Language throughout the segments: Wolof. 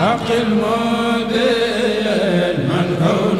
aqil moo dee man kaw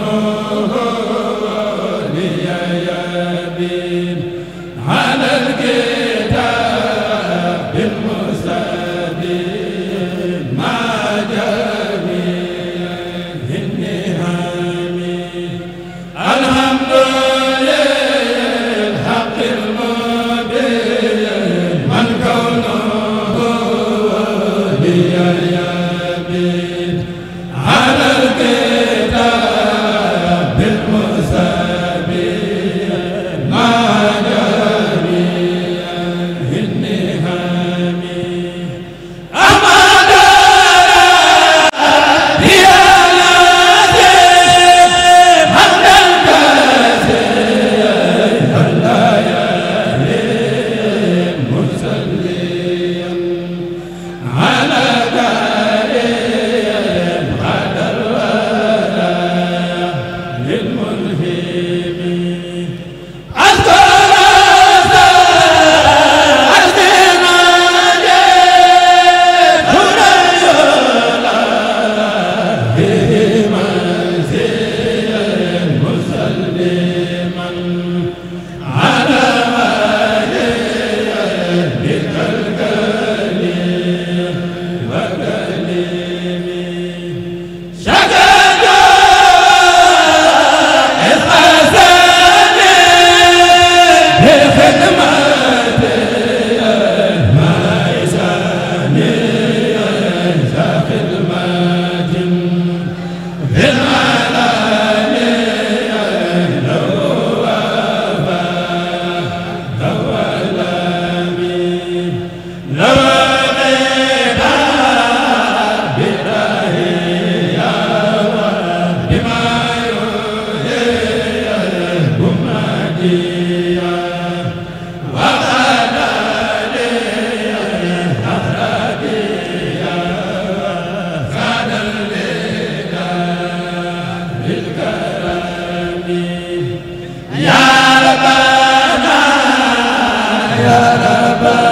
Baba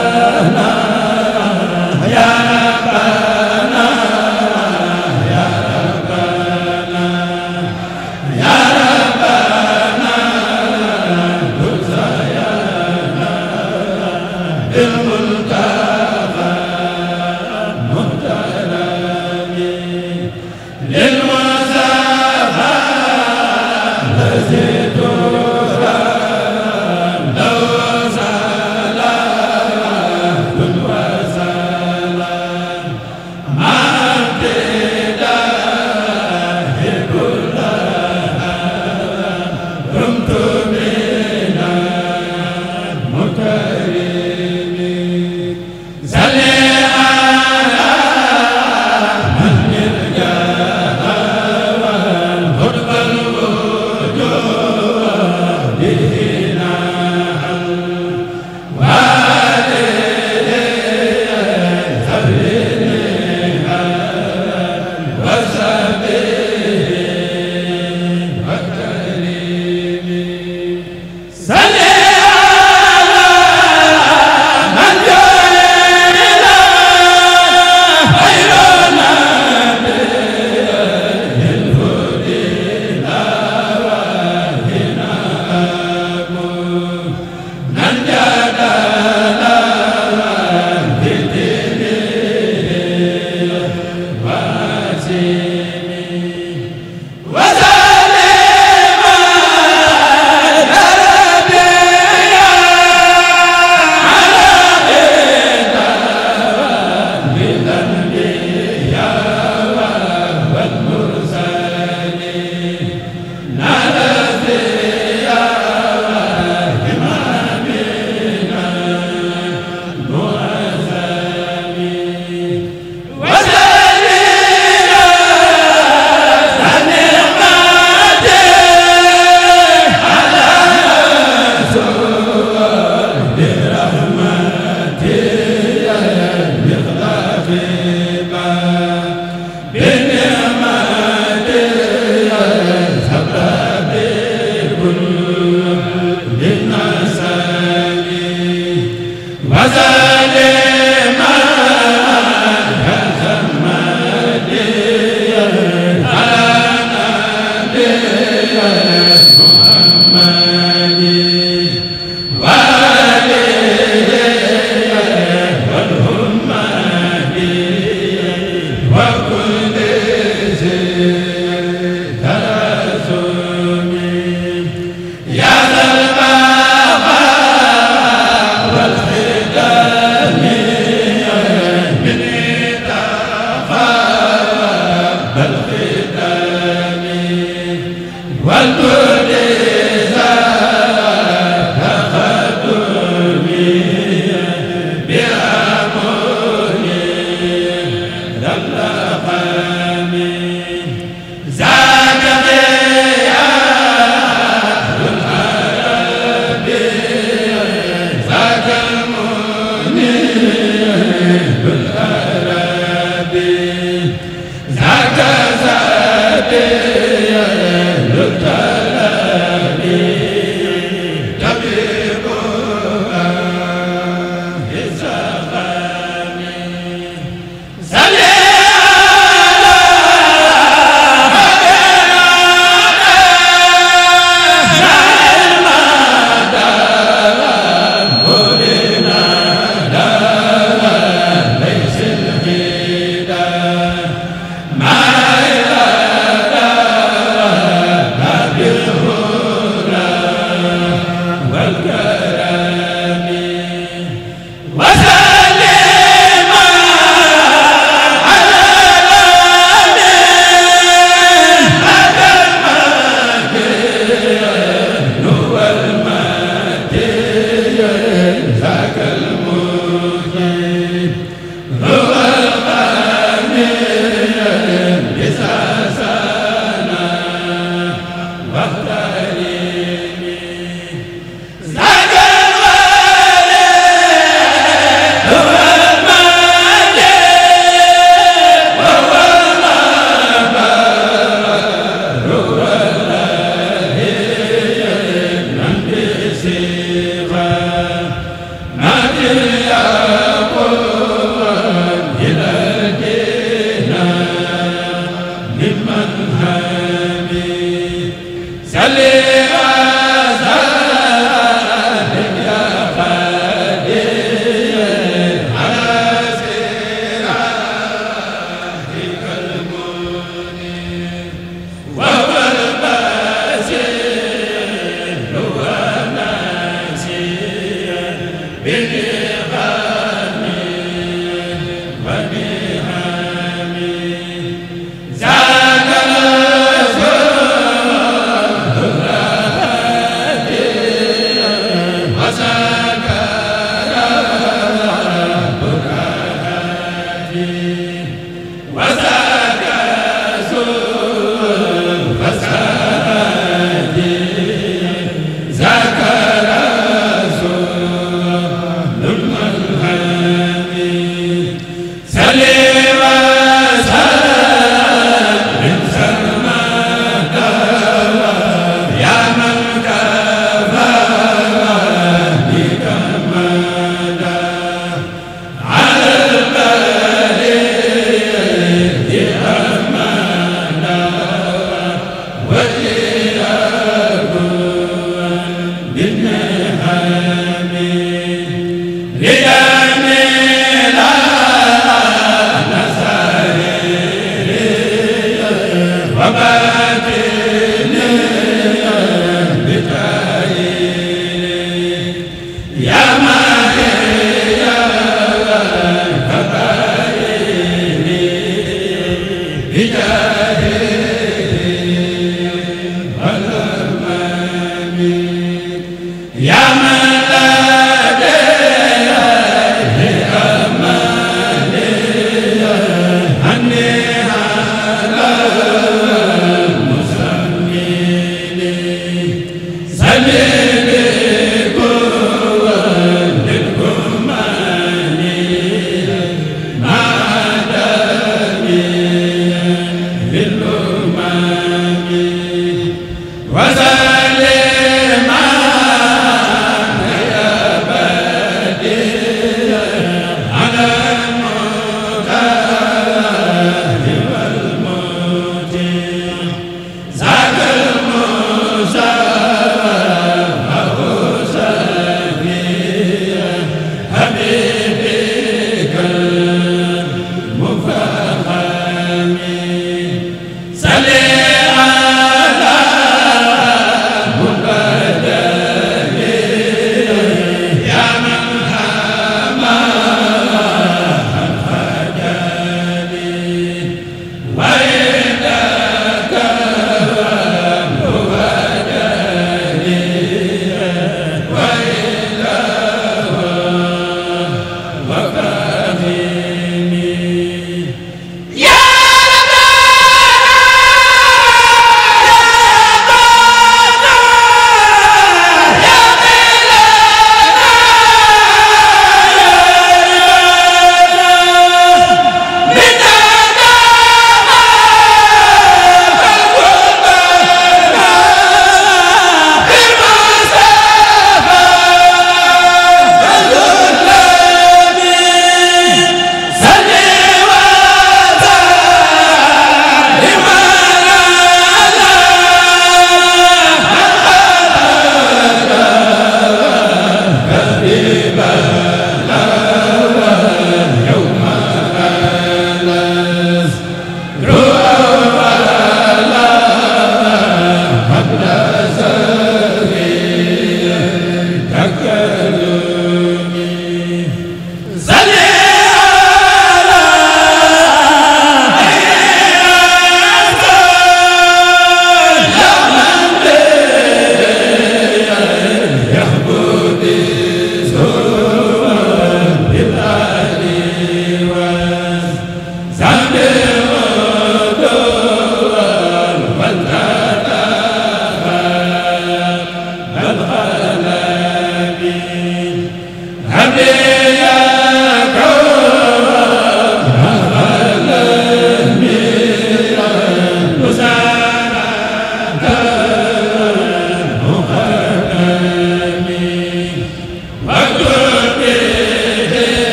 bi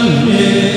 Amen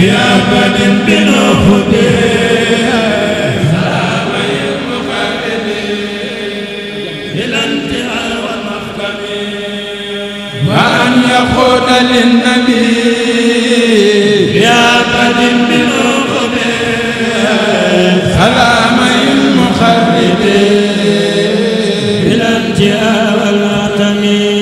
يا بني بنا هدي salaamay muxarribi bilan jaa wal atami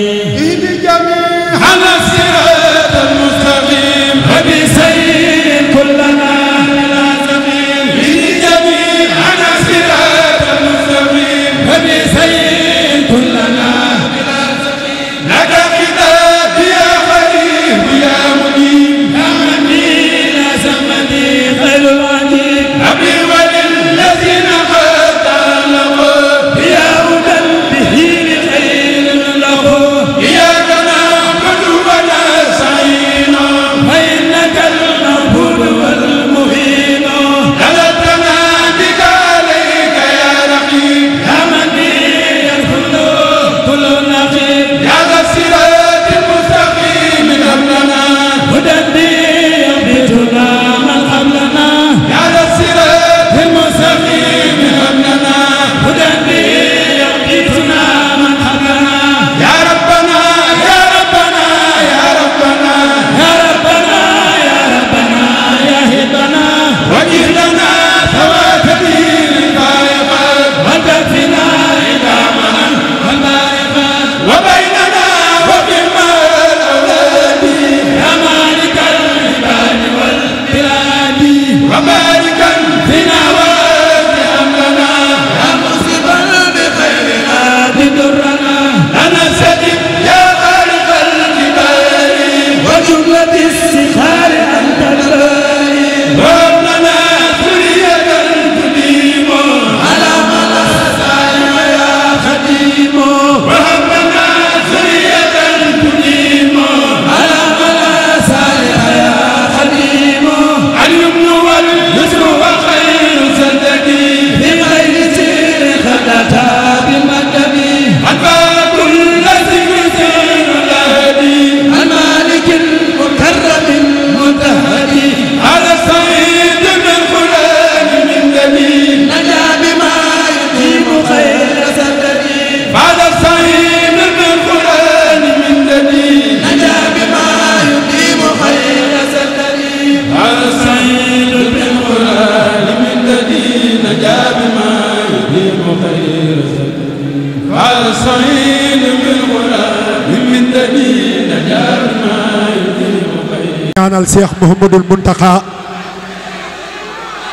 Seex Muhammadul Muntaxa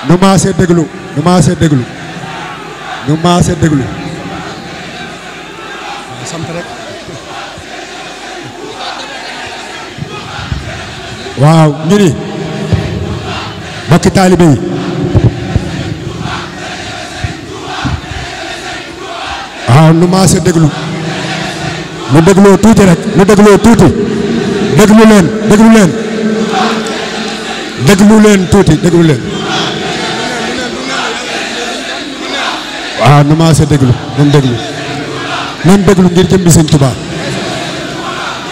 nu maasee déglu nu maasee déglu nu déglu sant rek waaw ñu ni mbokki taalibe yi waaw nu maasee déglu nu dégloo tuuti rek nu dégloo tuuti déglu leen déglu leen tuuti déglu leen waaw na maa se déglu nan déglu nan déglu ngir jëmbi sëñ Tuubaa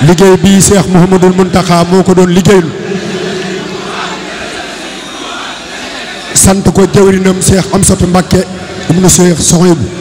liggéey bii Cheikh Mouhamadul Mountakha moo ko doon liggéeylu sant ko jawrinam Cheikh Amsatou Mbacké ibnu Cheikh Sohaybou